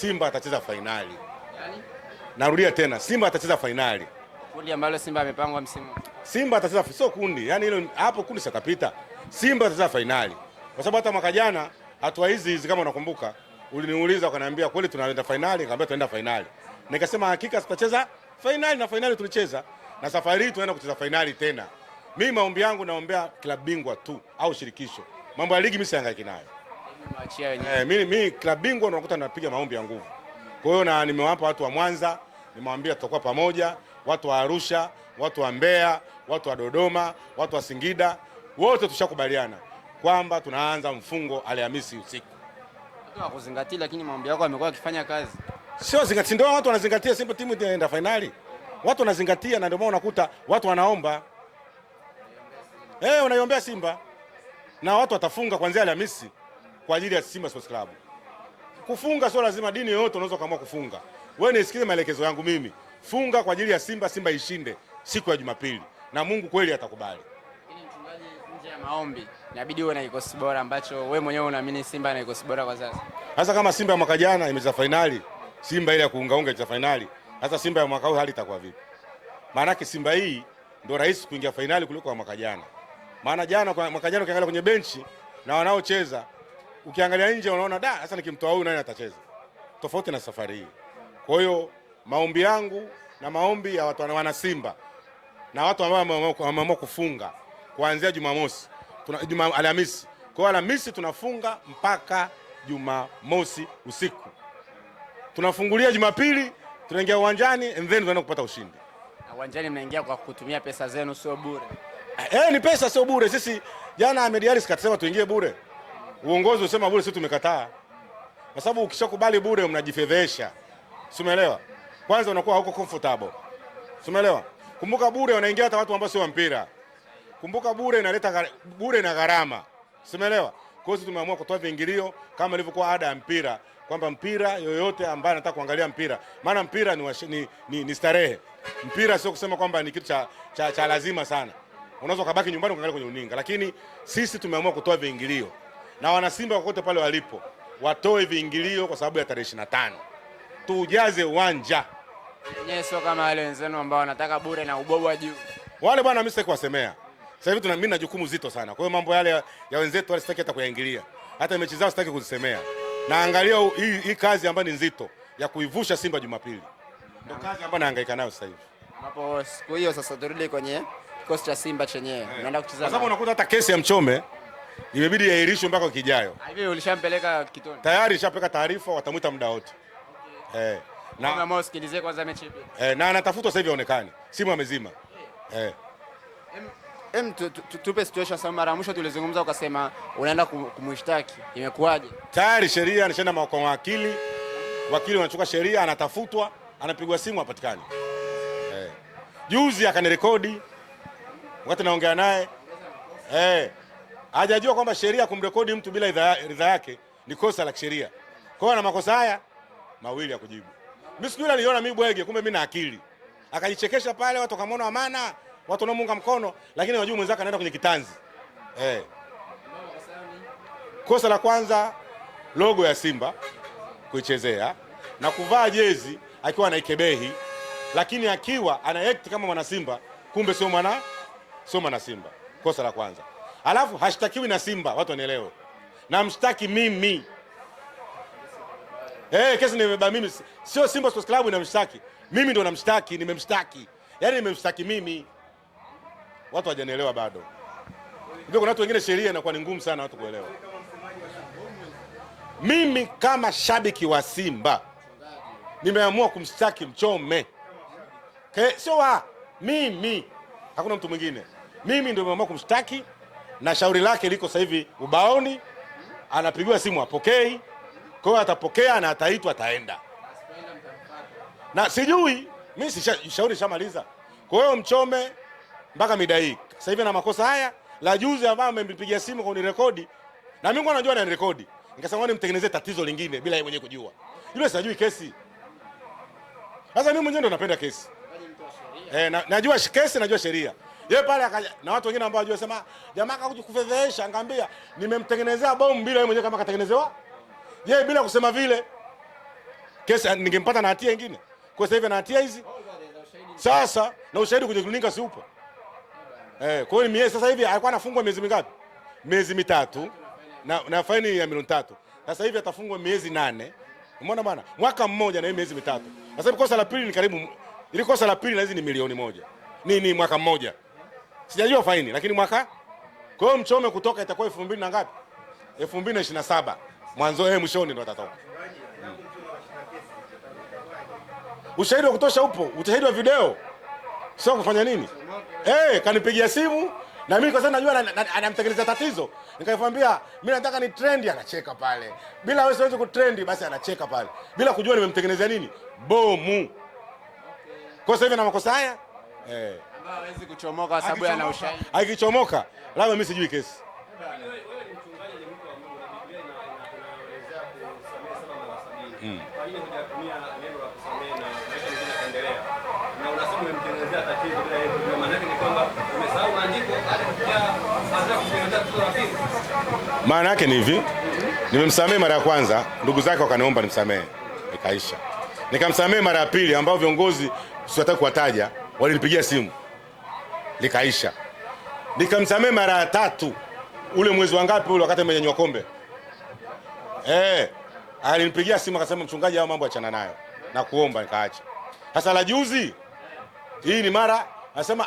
Simba atacheza fainali yani? Narudia tena, Simba atacheza fainali. Kundi ambalo Simba amepangwa msimu. Simba atacheza sio kundi, yani hilo hapo kundi sakapita. Simba atacheza fainali. Kwa sababu hata mwaka jana hatua hizi hizi kama unakumbuka, uliniuliza ukaniambia kweli tunaenda fainali, nikamwambia tunaenda fainali. Nikasema hakika tutacheza fainali na fainali tulicheza na safari hii tunaenda kucheza fainali tena. Mimi maombi yangu naombea klabu bingwa tu au shirikisho. Mambo ya ligi mimi siangaiki nayo. Tuachia wenyewe. Eh, mimi mimi klabu bingwa unakuta napiga maombi ya nguvu. Kwa hiyo na nimewapa watu wa Mwanza, nimewaambia tutakuwa pamoja, watu wa Arusha, watu wa Mbeya, watu wa Dodoma, watu wa Singida, wote tushakubaliana kwamba tunaanza mfungo Alhamisi usiku. Watu wakuzingatia, lakini maombi yako yamekuwa yakifanya kazi. Sio zingatia, ndio watu wanazingatia, Simba timu inaenda finali. Watu wanazingatia na ndio maana unakuta watu wanaomba. Eh, unaiombea Simba. Na watu watafunga kuanzia Alhamisi kwa ajili ya Simba Sports Club. Kufunga sio lazima, dini yoyote unaweza ukaamua kufunga. Wewe nisikize maelekezo yangu mimi, funga kwa ajili ya Simba, Simba ishinde siku ya Jumapili na Mungu kweli atakubali. Ili Mchungaji, nje ya maombi, inabidi uwe na kikosi bora ambacho wewe mwenyewe unaamini Simba na kikosi bora kwa sasa. Sasa kama Simba ya mwaka jana imecheza fainali, Simba ile ya kuungaunga cha fainali, sasa Simba ya mwaka huu hali itakuwa vipi? Maanake Simba hii ndio rahisi kuingia fainali kuliko ya mwaka jana, maana jana kwa mwaka jana ukiangalia kwenye benchi na wanaocheza ukiangalia nje unaona da, sasa nikimtoa huyu nani atacheza, tofauti na safari hii. Kwa hiyo maombi yangu na maombi ya watu wana Simba na watu ambao wameamua kufunga kuanzia Jumamosi tuna Juma, Alhamisi. Kwa hiyo Alhamisi tunafunga mpaka Jumamosi usiku, tunafungulia Jumapili, tunaingia uwanjani and then tunaenda kupata ushindi. Na uwanjani mnaingia kwa kutumia pesa zenu, sio bure. Eh, eh ni pesa sio bure. Sisi jana Ahmed Haris katusema tuingie bure. Uongozi usema bure, sisi tumekataa, kwa sababu ukishakubali bure mnajifedhesha, si umeelewa? Kwanza unakuwa hauko comfortable, si umeelewa? Kumbuka bure wanaingia hata watu ambao sio wa mpira. Kumbuka bure inaleta bure na gharama, si umeelewa? Kwa hiyo tumeamua kutoa viingilio kama ilivyokuwa ada ya mpira, kwamba mpira yoyote ambaye anataka kuangalia mpira, maana mpira ni, washi, ni, ni, ni starehe. Mpira sio kusema kwamba ni kitu cha, cha, cha lazima sana. Unaweza ukabaki nyumbani ukaangalia kwenye uninga, lakini sisi tumeamua kutoa viingilio na wanasimba kokote pale walipo watoe viingilio kwa sababu ya tarehe 25, tuujaze uwanja wenyewe, sio kama wale wenzenu ambao wanataka bure na ubovu juu wale. Bwana mimi sitaki kuwasemea sasa hivi, tuna mimi na jukumu zito sana. Kwa hiyo mambo yale ya, wenzetu wale sitaki hata kuyaingilia, hata mechi zao sitaki kuzisemea. Naangalia hii hii kazi ambayo ni nzito ya kuivusha Simba Jumapili, ndio kazi ambayo nahangaika nayo sasa hivi, Hapo siku hiyo sasa turudi kwenye kikosi cha Simba chenyewe, eh. unaenda kucheza, kwa sababu unakuta hata kesi ya Mchome imebidi yairishwe mpaka kijayo. ijayo. Ah, hivi ulishampeleka kitoni? Tayari shapeleka taarifa, watamwita muda wote okay. eh, na sikilize kwanza mechi ipi eh, na anatafutwa sasa hivi aonekane, simu amezima okay. Eh. eh. Em, tupe situation sasa. Mara mwisho tulizungumza ukasema unaenda kumshtaki, imekuwaje? Tayari sheria nishaenda kwa wakili, wakili wanachukua sheria, anatafutwa, anapigwa simu, hapatikani. Eh, juzi akanirekodi wakati naongea naye eh hajajua kwamba sheria kumrekodi mtu bila ridhaa yake ni kosa la kisheria. Kwa hiyo ana makosa haya mawili ya kujibu. Mimi sijui niliona mimi bwege, kumbe mimi na akili. Akajichekesha pale, watu wakamwona amana, watu wanamuunga mkono, lakini wajua mwenzake anaenda kwenye kitanzi eh. Kosa la kwanza logo ya Simba kuichezea na kuvaa jezi akiwa anaikebehi, lakini akiwa ana act kama mwana Simba, kumbe sio mwana sio mwana Simba. Kosa la kwanza alafu hashtakiwi na Simba, watu wanielewe, namshtaki mimi hey, eh, kesi nimebeba mimi, sio Simba Sports Club inamshtaki mimi, ndo namshtaki, nimemshtaki, yaani nimemshtaki mimi. Watu hawajanielewa bado. Kuna watu wengine sheria inakuwa ni ngumu sana watu kuelewa. Mimi kama shabiki wa Simba nimeamua kumshtaki Mchome, eh, sio wa mimi, hakuna mtu mwingine. Mimi ndio nimeamua kumshtaki na shauri lake liko sasa hivi ubaoni, anapigiwa simu apokei. Kwa hiyo atapokea na ataitwa, ataenda na sijui mimi si shauri shamaliza. Kwa hiyo mchome mpaka mida hii sasa hivi na makosa haya la juzi ambayo amempigia simu kwa unirekodi na mimi najua na nirekodi, nikasema ni mtengenezee tatizo lingine bila yeye mwenyewe kujua. Yule sijui kesi sasa, mimi mwenyewe ndo napenda kesi eh, na, najua kesi, najua sheria yeye pale akaja na watu wengine ambao wajua sema jamaa akakuja kufedhesha, ngambia nimemtengenezea bomu bila yeye mwenyewe kama katengenezewa. Yeye bila kusema vile. Kesi ah, ningempata na hatia nyingine. Kwa sasa hivi na hatia hizi. Sasa na ushahidi kwenye kliniki si upo. Eh, kwa hiyo miezi sasa hivi alikuwa anafungwa miezi mingapi? Miezi mitatu na, na faini ya milioni tatu. Sasa hivi atafungwa miezi nane. Umeona bwana? Mwaka mmoja na hiyo miezi mitatu. Sasa hivi kosa la pili ni karibu ili kosa la pili na hizi ni milioni moja. Nini mwaka mmoja? sijajua faini, lakini mwaka kwa hiyo mchome kutoka itakuwa elfu mbili na ngapi? elfu mbili na ishirini na saba mwanzo eh, mwishoni ndo atatoka hmm. Ushahidi wa kutosha upo, ushahidi wa video, sio kufanya nini eh, kanipigia simu na mimi kwa sababu najua anamtengeneza tatizo, nikamwambia mimi nataka ni trendi, anacheka pale. Bila wewe siwezi kutrendi, basi anacheka pale bila kujua nimemtengenezea nini bomu. Kwa sasa hivi na makosa haya eh hawezi kuchomoka sababu ana ushahidi. Akichomoka labda mimi sijui kesi. Maana yake ni hivi, nimemsamehe mara ya kwanza, ndugu zake wakaniomba nimsamehe, nikaisha. Nikamsamehe mara ya pili, ambao viongozi siwataki kuwataja walinipigia simu likaisha, nikamsamee mara ya tatu. Ule mwezi wa ngapi ule, wakati amenyanyua kombe eh, alinipigia simu akasema, mchungaji, hao mambo achana nayo na kuomba, nikaacha. Sasa la juzi hii ni mara anasema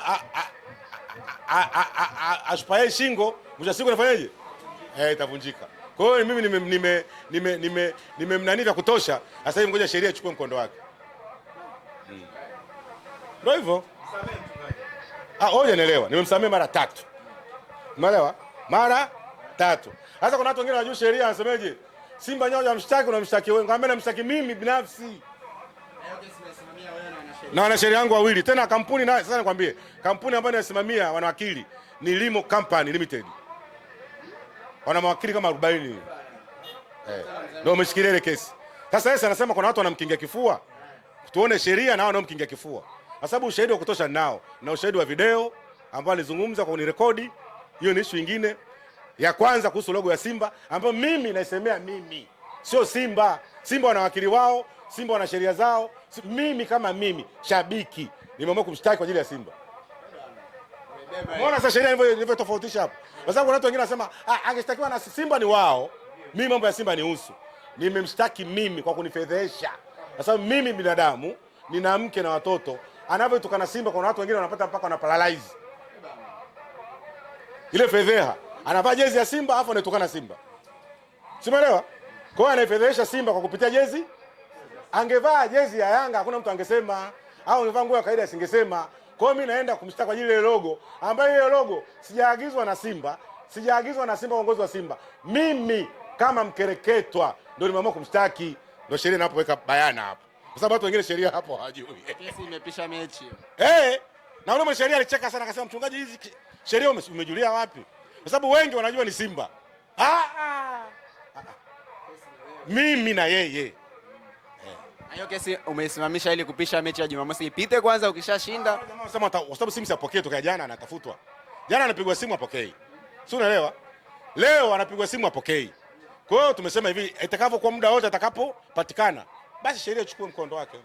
ashupaye shingo mwisho siku anafanyaje? Eh, itavunjika. Kwa hiyo mimi nime nime nime nimemnani vya kutosha. Sasa hivi ngoja sheria ichukue mkondo wake. Hmm. Ndio hivyo. Ah, oh, hujanielewa. Nimemsamehe mara tatu, umeelewa? Mara tatu. Sasa kuna watu wengine wanajua sheria, anasemaje? Simba nyoja amshtaki, unamshtaki wewe? na mshtaki mimi binafsi na wana sheria yangu wawili tena kampuni na, sasa nikwambie kampuni ambayo inasimamia wana wakili ni Limo Company Limited, wana mawakili kama 40 eh, ndio wameshikilia ile kesi. Sasa yeye anasema kuna watu wanamkingia kifua, tuone sheria na wao wanaomkingia kifua kwa sababu ushahidi wa kutosha nao na ushahidi wa video ambao alizungumza kwa unirekodi. Hiyo ni ishu nyingine ya kwanza kuhusu logo ya Simba ambayo mimi naisemea mimi, sio Simba. Simba wana wakili wao, Simba wana sheria zao. Mimi kama mimi shabiki nimeamua kumshtaki kwa ajili ya Simba. Mbona sasa sheria ilivyotofautisha hapo? Kwa sababu watu wengine wanasema ah, angeshtakiwa na Simba ni wao, mimi mambo ya Simba ni husu. Nimemshtaki mimi kwa kunifedhesha, kwa sababu mimi binadamu nina mke na watoto anavyotukana Simba, kuna watu wengine wanapata mpaka wana paralyze ile fedheha. Anavaa jezi ya Simba afu anatukana Simba, simeelewa? Kwa hiyo anaifedhehesha Simba kwa kupitia jezi. Angevaa jezi ya Yanga hakuna mtu angesema, au angevaa nguo ya kawaida asingesema. Kwa hiyo mimi naenda kumshtaka kwa ajili ile logo, ambayo ile logo sijaagizwa na Simba, sijaagizwa na Simba, uongozi wa Simba. Mimi kama mkereketwa ndio nimeamua kumshtaki, ndio sheria inapoweka bayana hapo kwa sababu watu wengine sheria hapo hawajui. Kesi imepisha mechi. Eh, na yule mwanasheria alicheka sana akasema, mchungaji, hizi sheria umejulia wapi? Kwa sababu wengi wanajua ni Simba. Ah, ah. Mimi na yeye. Eh. Hiyo kesi umeisimamisha ili kupisha mechi ya Jumamosi ipite kwanza, ukishashinda. Jamaa anasema kwa sababu simu sipokee toka jana anatafutwa. Jana anapigwa simu apokei. Si unaelewa? Leo anapigwa simu apokei. Kwa hiyo tumesema hivi itakavyokuwa muda wote atakapopatikana basi sheria ichukue mkondo wake.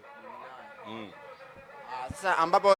Mm. Ah, sasa ambapo